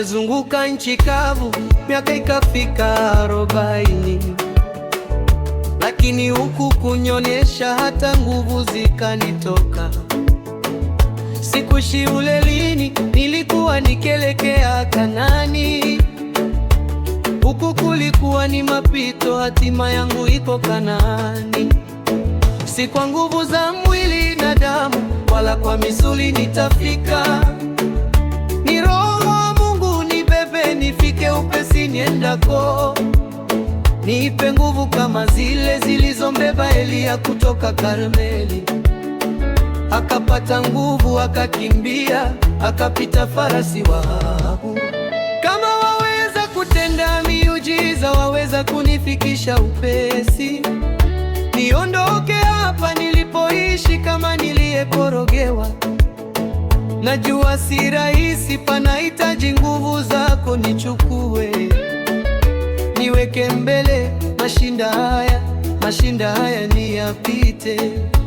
Nimezunguka nchi kavu miaka ikafika arobaini, lakini huku kunyonyesha hata nguvu zikanitoka. Sikuishi ulelini, nilikuwa nikielekea Kanani, huku kulikuwa ni mapito. Hatima yangu iko Kanani, si kwa nguvu za mwili na damu, wala kwa misuli nitafika upesi niendako, nipe nguvu kama zile zilizombeba Eliya kutoka Karmeli. Akapata nguvu, akakimbia, akapita farasi Wahabu. Kama waweza kutenda miujiza, waweza kunifikisha upesi, niondoke hapa nilipoishi, kama niliyekorogewa Najua si rahisi, panahitaji nguvu zako. Nichukue niweke mbele, mashinda haya, mashinda haya niyapite,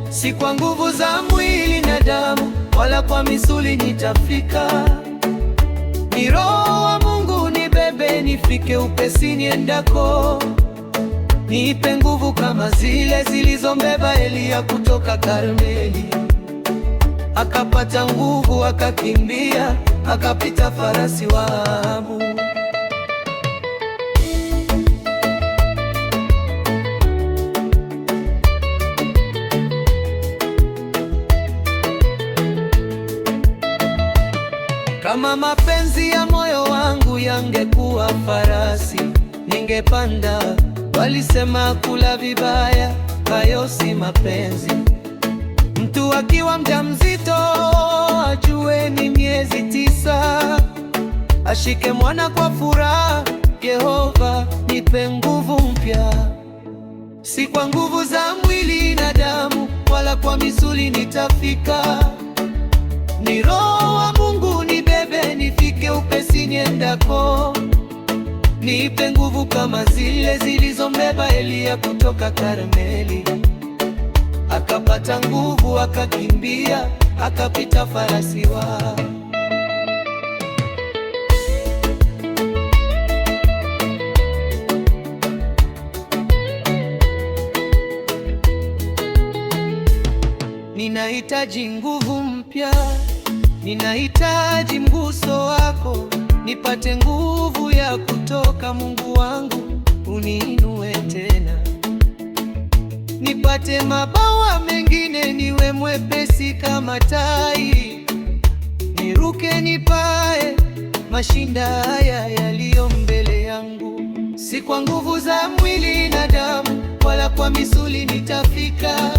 si kwa nguvu za mwili na damu, wala kwa misuli nitafika. Ni Roho wa Mungu nibebe, nifike upesi niendako. Niipe nguvu kama zile zilizombeba Eliya kutoka Karmeli akapata nguvu, akakimbia, akapita farasi Wahabu. Kama mapenzi ya moyo wangu yangekuwa farasi, ningepanda. Walisema kula vibaya, hayo si mapenzi. Mtu akiwa mjamzito ajue ni miezi tisa, ashike mwana kwa furaha. Yehova, nipe nguvu mpya, si kwa nguvu za mwili na damu, wala kwa misuli nitafika. Ni Roho wa Mungu nibebe, nifike upesi niendako. Nipe nguvu kama zile zilizombeba Eliya kutoka Karmeli akapata nguvu, akakimbia, akapita farasi wa Ninahitaji nguvu mpya, ninahitaji mguso wako, nipate nguvu ya kutoka Mungu nikate mabawa mengine, niwe mwepesi kama tai, niruke nipae mashinda haya yaliyo mbele yangu. Si kwa nguvu za mwili na damu, wala kwa misuli nitafika.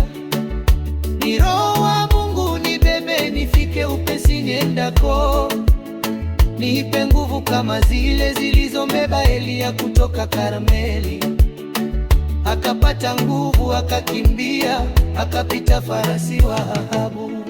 Ni Roho wa Mungu nibebe, nifike upesi niendako. Niipe nguvu kama zile zilizombeba Eliya kutoka Karmeli akapata nguvu, akakimbia, akapita farasi wa dhahabu.